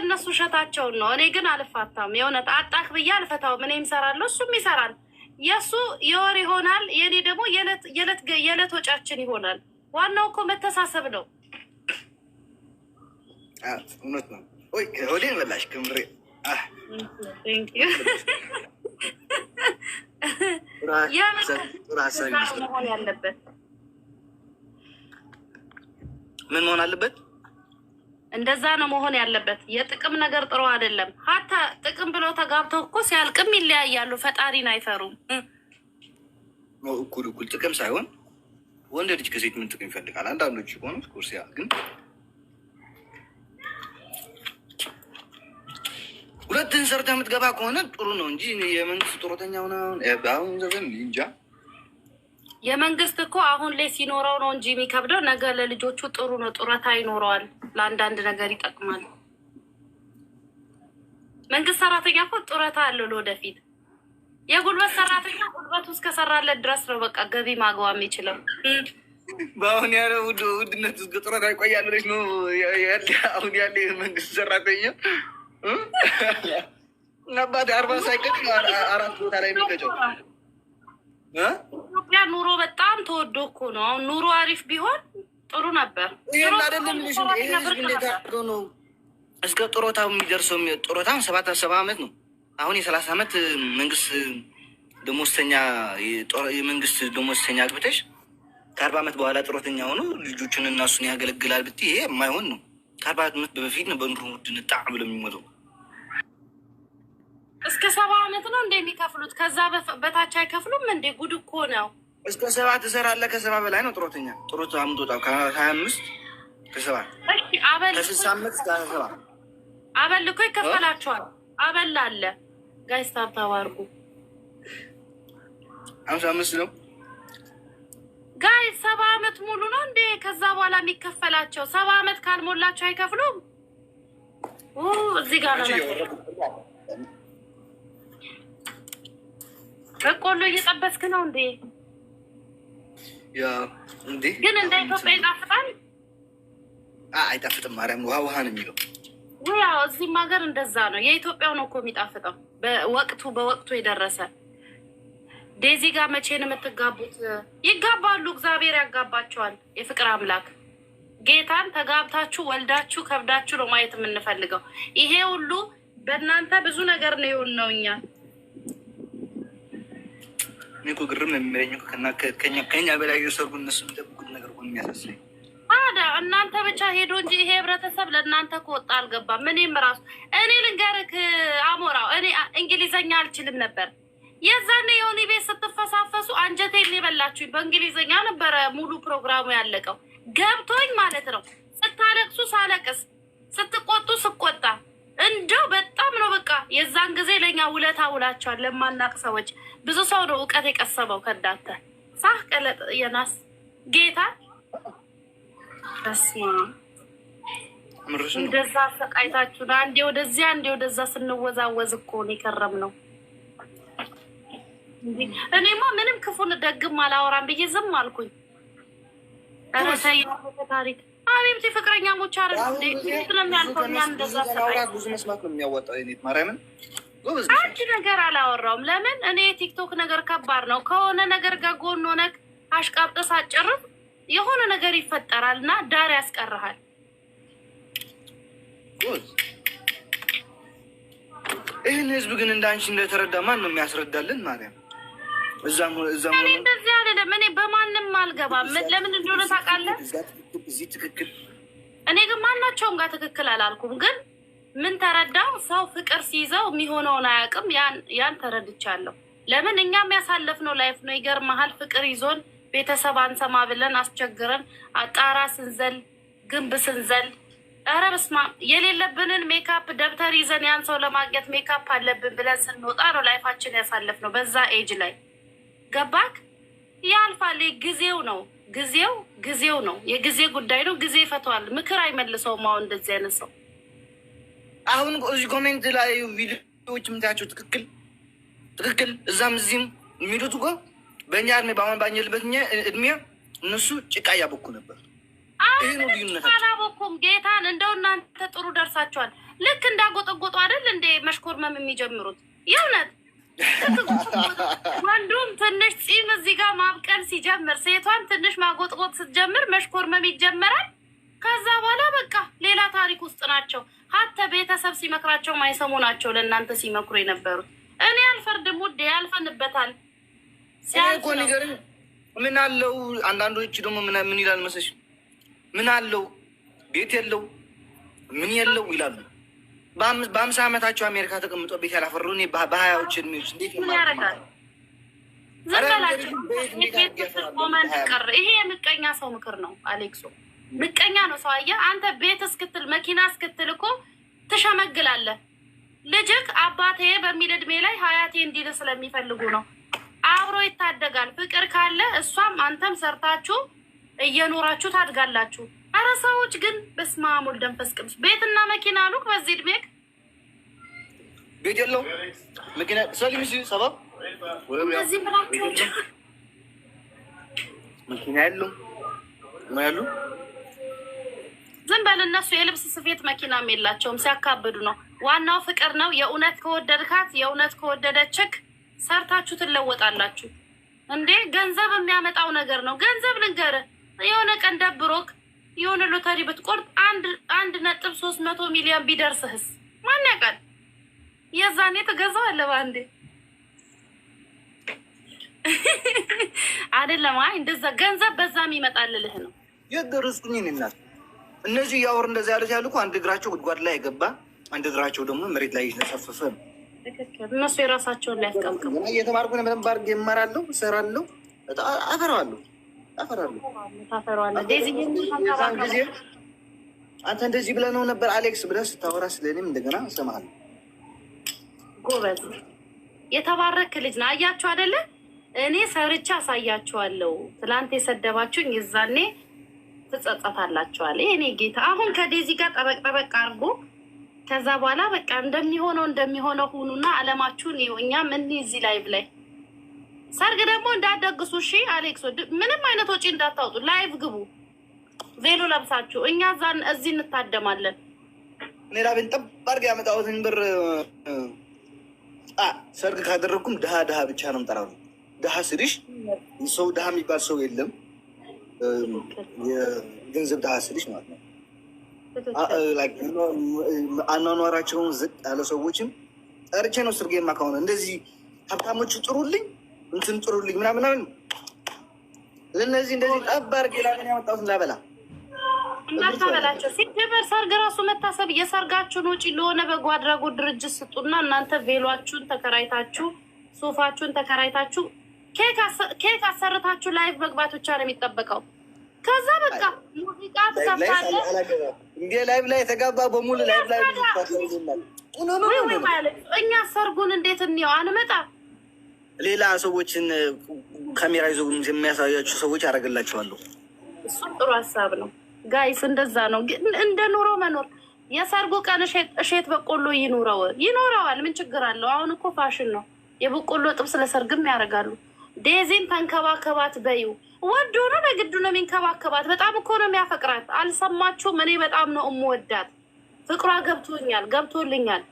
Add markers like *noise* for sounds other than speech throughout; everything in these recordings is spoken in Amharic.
እነሱ እሸታቸውን ነው። እኔ ግን አልፋታም። የእውነት አጣክ ብዬ አልፈታውም። እኔም እሰራለሁ፣ እሱም ይሰራል። የእሱ የወር ይሆናል፣ የእኔ ደግሞ የዕለት ወጫችን ይሆናል። ዋናው እኮ መተሳሰብ ነው። እውነት ነው። በላሽ ክምሬ ምን መሆን አለበት? እንደዛ ነው መሆን ያለበት። የጥቅም ነገር ጥሩ አይደለም። ሀታ ጥቅም ብሎ ተጋብተው እኮ ሲያልቅም ይለያያሉ። ፈጣሪን አይፈሩም። እኩል እኩል ጥቅም ሳይሆን ወንድ ልጅ ከሴት ምን ጥቅም ይፈልጋል? አንዳንዶች ሆኑ ኩርሲ ግን ሁለትን ሰርተ የምትገባ ከሆነ ጥሩ ነው እንጂ የመንግስት ጡረተኛ ሆነ ሁን ዘበን እንጃ የመንግስት እኮ አሁን ላይ ሲኖረው ነው እንጂ የሚከብደው፣ ነገ ለልጆቹ ጥሩ ነው። ጡረታ ይኖረዋል፣ ለአንዳንድ ነገር ይጠቅማል። መንግስት ሰራተኛ እኮ ጡረታ አለው ለወደፊት። የጉልበት ሰራተኛ ጉልበቱ እስከሰራለት ድረስ ነው በቃ ገቢ ማግባም የሚችለው። በአሁን ያለ ውድነት እስከ ጡረታ ይቆያል ነው አሁን ያለ መንግስት ሰራተኛ አባት አርባ ሳይቀር አራት ቦታ ላይ የሚገጨው ኢትዮጵያ ኑሮ በጣም ተወዶ እኮ ነው። አሁን ኑሮ አሪፍ ቢሆን ጥሩ ነበር። ነው እስከ ጡረታው የሚደርሰው ጡረታ ሰባት ሰባ ዓመት ነው። አሁን የሰላሳ ዓመት መንግስት ደሞዝተኛ የመንግስት ደሞዝተኛ አግብተሽ ከአርባ ዓመት በኋላ ጡረተኛ ሆኖ ልጆችን እና ያገለግላል ብትይ ይሄ የማይሆን ነው። ከአርባ ዓመት በፊት ነው በኑሮ ውድነት ጣዕ ብሎ የሚሞተው። በአመት ነው እንደ የሚከፍሉት? ከዛ በታች አይከፍሉም እንዴ? ጉድ እኮ ነው። እስከ ሰባ ትሰራለህ። ከሰባ በላይ ነው ጥሮተኛ ጥሮት አምጦጣ ከሀያ አምስት ከሰባ አበል እኮ ይከፈላቸዋል። አበል አለ ጋይ ታብታብ አምሳ አምስት ነው ጋይ ሰባ አመት ሙሉ ነው እንዴ ከዛ በኋላ የሚከፈላቸው? ሰባ አመት ካልሞላቸው አይከፍሉም። እዚህ ጋር ነው በቆሎ እየጠበስክ ነው እንዴ? ግን እንደ ኢትዮጵያ ይጣፍጣል? አይጣፍጥም። ማርያም ውሃ ውሃ ነው የሚለው። ያው እዚህም ሀገር እንደዛ ነው። የኢትዮጵያው ነው እኮ የሚጣፍጠው። በወቅቱ በወቅቱ የደረሰ ዴዚ ጋር መቼ ነው የምትጋቡት? ይጋባሉ። እግዚአብሔር ያጋባቸዋል። የፍቅር አምላክ ጌታን ተጋብታችሁ ወልዳችሁ ከብዳችሁ ነው ማየት የምንፈልገው። ይሄ ሁሉ በእናንተ ብዙ ነገር ነው ነው እኛ እኔ እኮ ግርም ነው የሚለኝ ከኛ በላይ የሰሩ እነሱ የሚጠብቁት ነገር ሆ የሚያሳስበኝ ታዲያ እናንተ ብቻ ሄዶ እንጂ ይሄ ህብረተሰብ ለእናንተ ከወጣ አልገባም። እኔም ራሱ እኔ ልንገርክ አሞራው እኔ እንግሊዘኛ አልችልም ነበር። የዛኔ የሆነ ቤት ስትፈሳፈሱ አንጀቴ ሊበላችሁ በእንግሊዘኛ ነበረ ሙሉ ፕሮግራሙ ያለቀው ገብቶኝ ማለት ነው። ስታለቅሱ ሳለቅስ፣ ስትቆጡ ስቆጣ፣ እንደው በጣም ነው በቃ የዛን ጊዜ ለእኛ ውለታ ውላቸዋል ለማናቅ ሰዎች ብዙ ሰው ነው እውቀት የቀሰበው ከዳተ ሳህ ቀለጥ የናስ ጌታ እንደዛ ሰቃይታችሁ አሰቃይታችሁን አንዴ ወደዚያ አንዴ ወደዛ ስንወዛወዝ እኮ ነው የከረምነው። እኔማ ምንም ክፉን ደግም አላወራም ብዬ ዝም አልኩኝ። ታሪክ አቤብቴ ፍቅረኛሞች አረ ስለሚያልፈው ብዙ መስማት ነው የሚያወጣው ማርያምን አንድ ነገር አላወራውም። ለምን እኔ የቲክቶክ ነገር ከባድ ነው። ከሆነ ነገር ጋር ጎን ሆነህ አሽቃብጠህ ሳትጨርስ የሆነ ነገር ይፈጠራል እና ዳር ያስቀርሃል። ይህን ህዝብ ግን እንደ አንቺ እንደተረዳ ማን ነው የሚያስረዳልን? ማርያም እዛም እኔ እንደዚህ አይደለም። እኔ በማንም አልገባም። ለምን እንደሆነ ታውቃለህ። እኔ ግን ማናቸውም ጋር ትክክል አላልኩም ግን የምረዳው ሰው ፍቅር ሲይዘው የሚሆነውን አያውቅም። ያን ተረድቻለሁ። ለምን እኛም ያሳለፍነው ላይፍ ነው። ይገርመሃል፣ ፍቅር ይዞን ቤተሰብ አንሰማ ብለን አስቸግረን አጣራ ስንዘል፣ ግንብ ስንዘል፣ ኧረ በስመ አብ የሌለብንን ሜካፕ ደብተር ይዘን ያን ሰው ለማግኘት ሜካፕ አለብን ብለን ስንወጣ ነው ላይፋችን ያሳለፍነው በዛ ኤጅ ላይ ገባክ። ያልፋል። ጊዜው ነው ጊዜው ጊዜው ነው የጊዜ ጉዳይ ነው። ጊዜ ይፈተዋል። ምክር አይመልሰውም። አሁን እንደዚህ አይነት ሰው አሁን እዚህ ኮሜንት ላይ ቪዲዮዎች የምታያቸው ትክክል ትክክል እዛም እዚህም የሚሉት እኮ በእኛ እድሜ በአሁን ባኘልበት እድሜ እነሱ ጭቃ እያቦኩ ነበር። ይሄ አላቦኩም ጌታን። እንደው እናንተ ጥሩ ደርሳችኋል። ልክ እንዳጎጠጎጡ አይደል እንዴ መሽኮርመም የሚጀምሩት የእውነት *laughs* ወንዱም ትንሽ ፂም እዚህ ጋር ማብቀል ሲጀምር፣ ሴቷን ትንሽ ማጎጥቆጥ ስትጀምር መሽኮርመም ይጀመራል። ከዛ በኋላ በቃ ሌላ ታሪክ ውስጥ ናቸው። ሀተ ቤተሰብ ሲመክራቸው ማይሰሙ ናቸው። ለእናንተ ሲመክሩ የነበሩት እኔ አልፈርድም ውዴ፣ ያልፈንበታል። እኮ ንገረኝ፣ ምን አለው? አንዳንዶች ደግሞ ምን ይላል መሰለሽ፣ ምን አለው ቤት የለው ምን የለው ይላሉ። በአምሳ ዓመታቸው አሜሪካ ተቀምጦ ቤት ያላፈሩ እኔ በሀያዎች እድሜዎች እንዴት ያደርጋል? ዝም በላቸው። ይሄ የምቀኛ ሰው ምክር ነው አሌክሶ ምቀኛ ነው ሰው። አየህ አንተ ቤት እስክትል መኪና እስክትል እኮ ትሸመግላለህ። ልጅክ አባቴ በሚል እድሜ ላይ ሀያቴ እንዲል ስለሚፈልጉ ነው። አብሮ ይታደጋል። ፍቅር ካለ እሷም አንተም ሰርታችሁ እየኖራችሁ ታድጋላችሁ። አረ ሰዎች ግን በስመ አብ ወልድ መንፈስ ቅዱስ ቤትና መኪና ሉክ በዚህ እድሜክ ቤት የለውም መኪና ሰሊም ሲ ሰባብ እዚህ ብላችሁ መኪና የለውም ያሉ ዝም በል እነሱ የልብስ ስፌት መኪናም የላቸውም፣ ሲያካብዱ ነው። ዋናው ፍቅር ነው። የእውነት ከወደድካት የእውነት ከወደደችክ ሰርታችሁ ትለወጣላችሁ። እንዴ ገንዘብ የሚያመጣው ነገር ነው። ገንዘብ ልንገር፣ የሆነ ቀን ደብሮክ የሆነ ሎተሪ ብትቆርጥ አንድ ነጥብ ሶስት መቶ ሚሊዮን ቢደርስህስ ማን ያውቃል? የዛኔ ትገዛዋለህ በአንዴ አይደለም። አይ እንደዛ ገንዘብ በዛም ይመጣልልህ ነው የደረስኩኝ ናት እነዚህ እያወር እንደዚህ ያሉት ያሉ አንድ እግራቸው ጉድጓድ ላይ የገባ አንድ እግራቸው ደግሞ መሬት ላይ የተሰፈፈ ነው። እነሱ የራሳቸውን ላይ ያስቀምቅሙ። እየተማርኩ ነው በደንብ አድርጌ እማራለሁ፣ እሰራለሁ፣ አፈራዋለሁ አፈራለሁ። ዛን ጊዜ አንተ እንደዚህ ብለህ ነው ነበር አሌክስ ብለህ ስታወራ ስለእኔም እንደገና እሰማሃለሁ። ጎበዝ የተባረክ ልጅ ነው። አያችሁ አይደለ? እኔ ሰርቻ አሳያችኋለሁ። ትላንት የሰደባችሁኝ የዛኔ ትጸጸታላችኋል። ይሄኔ ጌታ አሁን ከዴዚ ጋር ጠበቅ ጠበቅ አድርጎ ከዛ በኋላ በቃ እንደሚሆነው እንደሚሆነው ሁኑና አለማችሁን እኛ ምን እዚህ ላይ ብላይ ሰርግ ደግሞ እንዳደግሱ እሺ። አሌክሶ ምንም አይነት ወጪ እንዳታወጡ፣ ላይቭ ግቡ ቬሎ ለብሳችሁ። እኛ ዛን እዚህ እንታደማለን። ሜራ ቤን ጠባርግ ያመጣሁትን ብር ሰርግ ካደረግኩም ድሃ ድሃ ብቻ ነው ምጠራ። ድሃ ስልሽ ሰው ድሃ የሚባል ሰው የለም። የገንዘብ ድሃ ስልሽ ማለት ነው። አኗኗራቸውን ዝቅ ያለ ሰዎችም ጠርቼ ነው ስርጌማ ከሆነ እንደዚህ ሀብታሞቹ ጥሩልኝ እንትን ጥሩልኝ ምናምን ለነዚህ እንደዚህ ጠባር ምን ያመጣት እንዳበላ እናታበላቸው ሲጀመር ሰርግ ራሱ መታሰብ የሰርጋችሁን ውጪ ለሆነ በጎ አድራጎት ድርጅት ስጡና እናንተ ቬሏችሁን ተከራይታችሁ ሶፋችሁን ተከራይታችሁ ኬክ አሰርታችሁ ላይቭ መግባት ብቻ ነው የሚጠበቀው። ከዛ በቃ ሙዚቃ ትከፍታለህ። ላይ የተጋባ በሙሉ ላይቭ ላይ እኛ ሰርጉን እንዴት እንየው? አንመጣ? ሌላ ሰዎችን ካሜራ ይዞ የሚያሳያቸው ሰዎች አደርግላችኋለሁ። እሱም ጥሩ ሀሳብ ነው ጋይስ። እንደዛ ነው እንደ ኑሮ መኖር። የሰርጉ ቀን እሼት በቆሎ ይኑረው ይኖረዋል። ምን ችግር አለው? አሁን እኮ ፋሽን ነው የበቆሎ ጥብስ ለሰርግም ያደርጋሉ። ዴዚን ተንከባከባት በዩ ወዶ ነው ለግዱ ነው የሚንከባከባት። በጣም እኮ ነው የሚያፈቅራት። አልሰማችሁም? እኔ በጣም ነው እምወዳት። ፍቅሯ ገብቶኛል፣ ገብቶልኛል።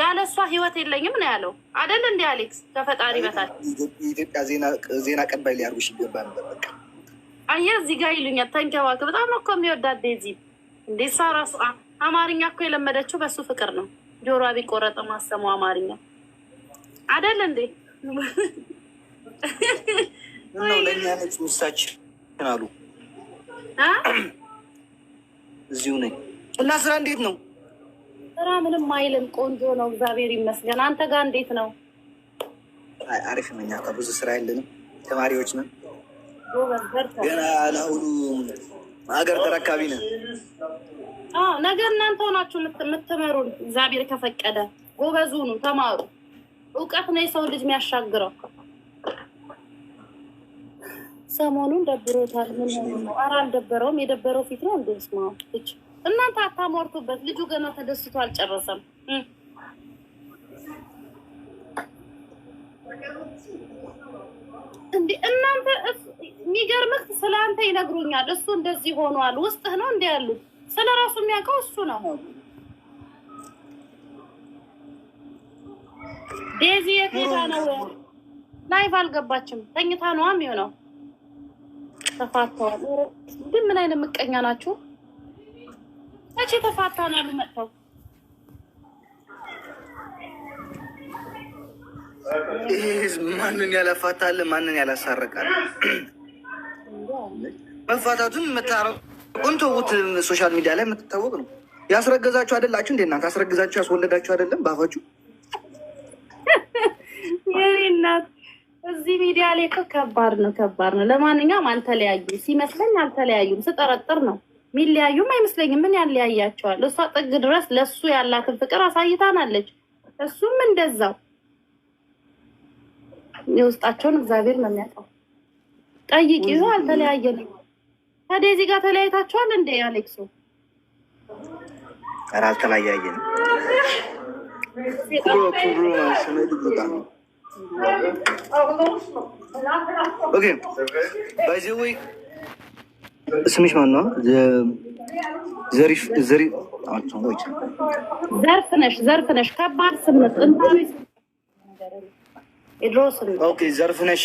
ያለ እሷ ህይወት የለኝም ነው ያለው አደል? እንዲ አሌክስ ከፈጣሪ በታች የኢትዮጵያ ዜና ቀባይ ሊያርጉሽ ይገባ ነበር። አየ እዚህ ጋር ይሉኛል ተንከባከብ። በጣም ነው እኮ የሚወዳት ዴዚ። እንዴ እሷ ራሱ አማርኛ እኮ የለመደችው በሱ ፍቅር ነው። ጆሮ ቢቆረጠ ማሰሙ አማርኛ አደል እንዴ ምነው ለእኛ ነች ውሳችን አሉ። እዚሁ ነኝ እና ስራ እንዴት ነው? ስራ ምንም አይልም፣ ቆንጆ ነው፣ እግዚአብሔር ይመስገን። አንተ ጋር እንዴት ነው? አሪፍ ነው። እኛ ከብዙ ስራ የለንም፣ ተማሪዎች ነን። ገና ለአሁኑ ሀገር ተረካቢ ነን። ነገ እናንተ ሆናችሁ የምትመሩን እግዚአብሔር ከፈቀደ። ጎበዙ ሁኑ፣ ተማሩ። እውቀት ነው የሰው ልጅ የሚያሻግረው። ሰሞኑን ደብሮታል። ምን ሆኖ ነው? ኧረ አልደበረውም። የደበረው ፊት ነው እንዴ? ስማ ልጅ እናንተ አታሟርቱበት። ልጁ ገና ተደስቶ አልጨረሰም። እንዴ እናንተ የሚገርምህ ስለ አንተ ይነግሩኛል። እሱ እንደዚህ ሆኗል። ውስጥህ ነው እንዲ ያሉት። ስለ ራሱ የሚያውቀው እሱ ነው። ዴዚ የት ሄዳ ነው? ላይቭ አልገባችም። ተኝታ ነዋ የሚሆነው ተፋተዋል። ግን ምን አይነት ምቀኛ ናችሁ? መቼ ተፋታናሉ መጥተው ማንን ያላፋታል? ማንን ያላሳርቃል? መፋታቱን መታረቁን ተውት። ሶሻል ሚዲያ ላይ የምትታወቅ ነው። ያስረገዛችሁ አይደላችሁ እንዴ እናንተ? አስረገዛችሁ ያስወለዳችሁ አይደለም? ባፋችሁ የእኔ እናት እዚህ ሚዲያ ላይ ከባድ ነው፣ ከባድ ነው። ለማንኛውም አልተለያዩም፣ ሲመስለኝ አልተለያዩም፣ ስጠረጥር ነው። ሚለያዩም አይመስለኝም። ምን ያለያያቸዋል? እሷ ጥግ ድረስ ለሱ ያላትን ፍቅር አሳይታናለች፣ እሱም እንደዛው። የውስጣቸውን እግዚአብሔር ነው የሚያውቀው። ጠይቅ ይዞ አልተለያየንም። ከዴዚ ጋር ተለያይታችኋል እንደ አሌክሶ? ኧረ አልተለያየንም። በዚህ ወይ ስምሽ ማን ነው? ዘሪፍ ዘርፍነሽ ዘርፍነሽ ከባድ ስም ጥንታዊ የድሮ ስም ዘርፍነሽ